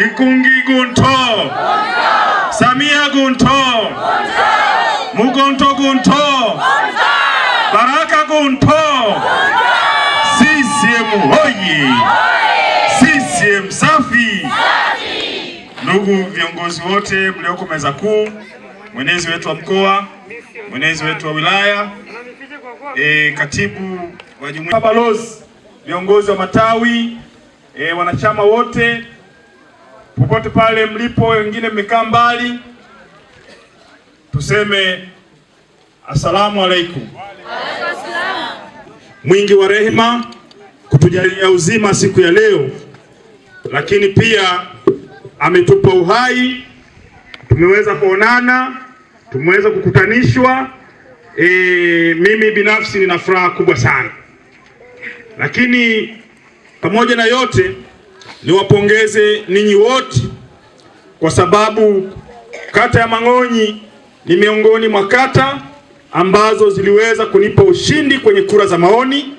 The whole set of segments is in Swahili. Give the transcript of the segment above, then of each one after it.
Ikungi Gunto Samia Gunto Mugonto Gunto Baraka Gunto Gunto CCM hoye CCM safi. Ndugu viongozi wote mlioko meza kuu, mwenezi wetu wa mkoa, mwenezi wetu wa wilaya, e, katibu wa jumuiya, mabalozi, viongozi wa matawi, e, wanachama wote popote pale mlipo, wengine mmekaa mbali, tuseme asalamu alaikum. Mwingi wa rehema kutujalia uzima siku ya leo, lakini pia ametupa uhai, tumeweza kuonana, tumeweza kukutanishwa. E, mimi binafsi nina furaha kubwa sana, lakini pamoja na yote niwapongeze ninyi wote kwa sababu kata ya Mang'onyi ni miongoni mwa kata ambazo ziliweza kunipa ushindi kwenye kura za maoni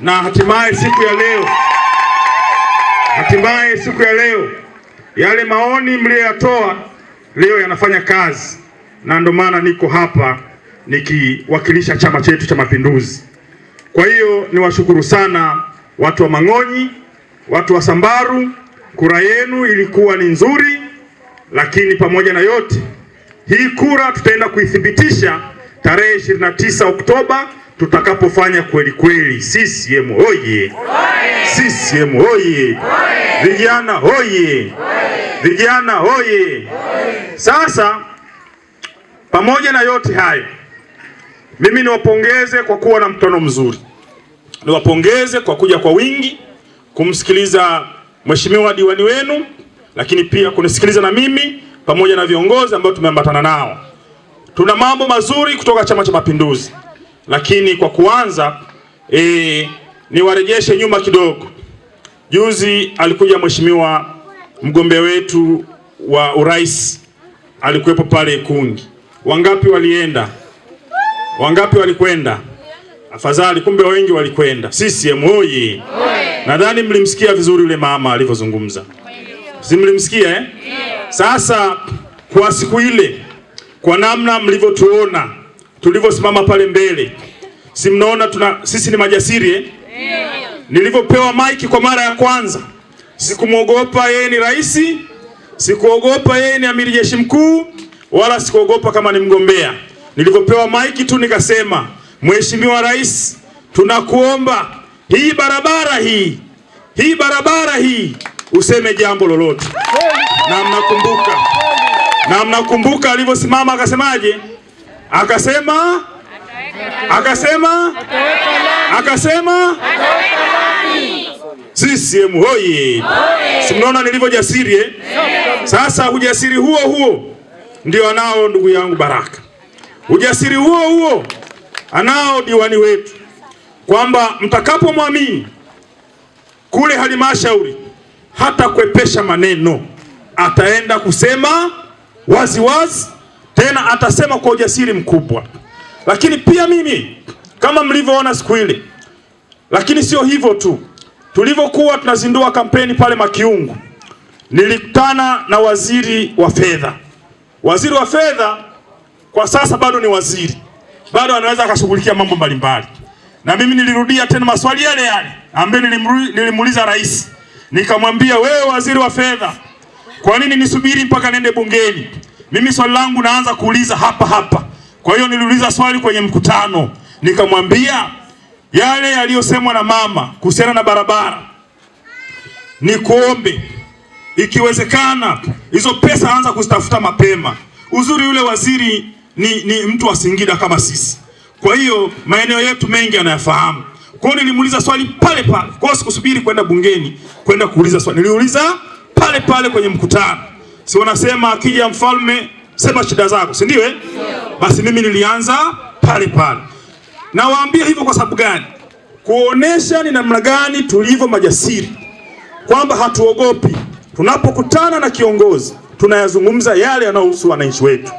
na hatimaye siku ya leo, hatimaye siku ya leo yale maoni mliyoyatoa leo yanafanya kazi, na ndio maana niko hapa nikiwakilisha chama chetu cha Mapinduzi. Kwa hiyo niwashukuru sana watu wa Mang'onyi. Watu wa Sambaru, kura yenu ilikuwa ni nzuri, lakini pamoja na yote hii kura tutaenda kuithibitisha tarehe 29 Oktoba tutakapofanya kweli kweli. CCM oye! CCM oye! Vijana hoye! Vijana hoye! Sasa pamoja na yote hayo, mimi niwapongeze kwa kuwa na mkutano mzuri, niwapongeze kwa kuja kwa wingi kumsikiliza mheshimiwa diwani wenu, lakini pia kunisikiliza na mimi pamoja na viongozi ambao tumeambatana nao. Tuna mambo mazuri kutoka Chama cha Mapinduzi, lakini kwa kuanza e, niwarejeshe nyuma kidogo. Juzi alikuja mheshimiwa mgombea wetu wa urais alikuwepo pale Ikungi. Wangapi walienda? Wangapi walikwenda? Afadhali, kumbe wengi walikwenda. CCM oye! Nadhani mlimsikia vizuri yule mama alivyozungumza, si mlimsikia eh? Sasa kwa siku ile, kwa namna mlivyotuona tulivyosimama pale mbele, si mnaona tuna sisi ni majasiri eh? Nilivyopewa maiki kwa mara ya kwanza, sikumwogopa yeye ni rais, sikuogopa yeye ni amiri jeshi mkuu, wala sikuogopa kama ni mgombea. Nilivyopewa maiki tu nikasema, Mheshimiwa Rais, tunakuomba hii barabara hii hii barabara hii useme jambo lolote. Na mnakumbuka na mnakumbuka alivyosimama akasemaje? Akasema akasema akasema CCM hoye! Si mnaona nilivyo jasiri eh? Sasa ujasiri huo huo ndio anao ndugu yangu Baraka, ujasiri huo huo anao diwani wetu kwamba mtakapomwamini kule halmashauri hata kuepesha maneno, ataenda kusema waziwazi wazi, tena atasema kwa ujasiri mkubwa. Lakini pia mimi kama mlivyoona siku ile, lakini sio hivyo tu, tulivyokuwa tunazindua kampeni pale Makiungu, nilikutana na waziri wa fedha. Waziri wa fedha kwa sasa bado ni waziri, bado anaweza akashughulikia mambo mbalimbali na mimi nilirudia tena maswali yale yale ambaye nilimuuliza rais, nikamwambia wewe waziri wa fedha, kwa nini nisubiri mpaka nende bungeni? Mimi swali langu naanza kuuliza hapa hapa. Kwa hiyo niliuliza swali kwenye mkutano, nikamwambia yale yaliyosemwa na mama kuhusiana na barabara, nikuombe ikiwezekana hizo pesa anza kuzitafuta mapema. Uzuri yule waziri ni, ni mtu wa Singida kama sisi kwa hiyo maeneo yetu mengi anayafahamu. Kwa hiyo nilimuuliza swali pale pale. Kwa hiyo sikusubiri kwenda bungeni kwenda kuuliza swali. Niliuliza pale pale kwenye mkutano. Si wanasema akija mfalme sema shida zako, si ndio eh? Basi mimi nilianza pale pale. Nawaambia hivyo kwa sababu gani? Kuonesha ni namna gani tulivyo majasiri, kwamba hatuogopi. Tunapokutana na kiongozi tunayazungumza yale yanayohusu wananchi wetu.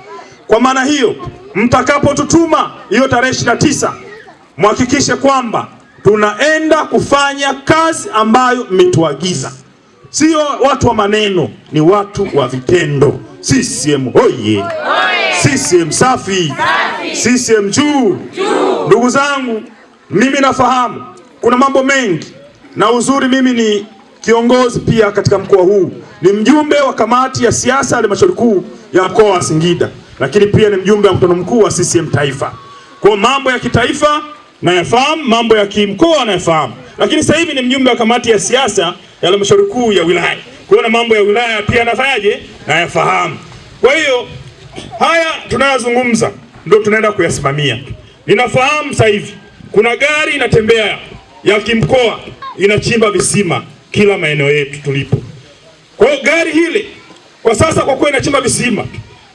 Kwa maana hiyo mtakapotutuma hiyo tarehe ishirini na tisa muhakikishe kwamba tunaenda kufanya kazi ambayo mmetuagiza. Sio watu wa maneno, ni watu wa vitendo. CCM hoye! CCM safi! CCM juu! Ndugu zangu, mimi nafahamu kuna mambo mengi, na uzuri mimi ni kiongozi pia katika mkoa huu, ni mjumbe wa kamati ya siasa halmashauri kuu ya mkoa wa Singida lakini pia ni mjumbe wa mkutano mkuu wa CCM Taifa. Kwa mambo ya kitaifa nayafahamu, mambo ya kimkoa nayafahamu, lakini sasa hivi ni mjumbe wa kamati ya siasa ya halmashauri kuu ya wilaya. Kwa hiyo na mambo ya wilaya pia nafanyaje, nayafahamu. Kwa hiyo haya tunayozungumza ndio tunaenda kuyasimamia. Ninafahamu sasa hivi kuna gari inatembea ya kimkoa inachimba visima kila maeneo yetu tulipo. Kwa hiyo gari hili kwa sasa kwa kweli inachimba visima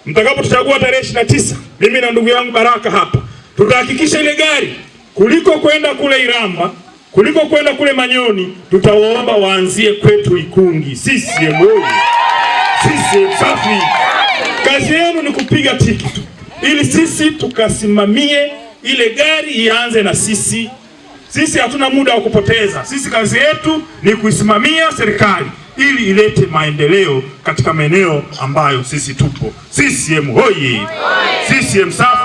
mtakapotuchagua tarehe ishirini na tisa, mimi na ndugu yangu Baraka hapa tutahakikisha ile gari kuliko kwenda kule Iramba kuliko kwenda kule Manyoni, tutawaomba waanzie kwetu Ikungi. Sisi sisi safi. Kazi yenu ni kupiga tiki tu ili sisi tukasimamie ile gari ianze na sisi. Sisi hatuna muda wa kupoteza. Sisi kazi yetu ni kuisimamia serikali ili ilete maendeleo katika maeneo ambayo sisi tupo. CCM hoye! CCM safi!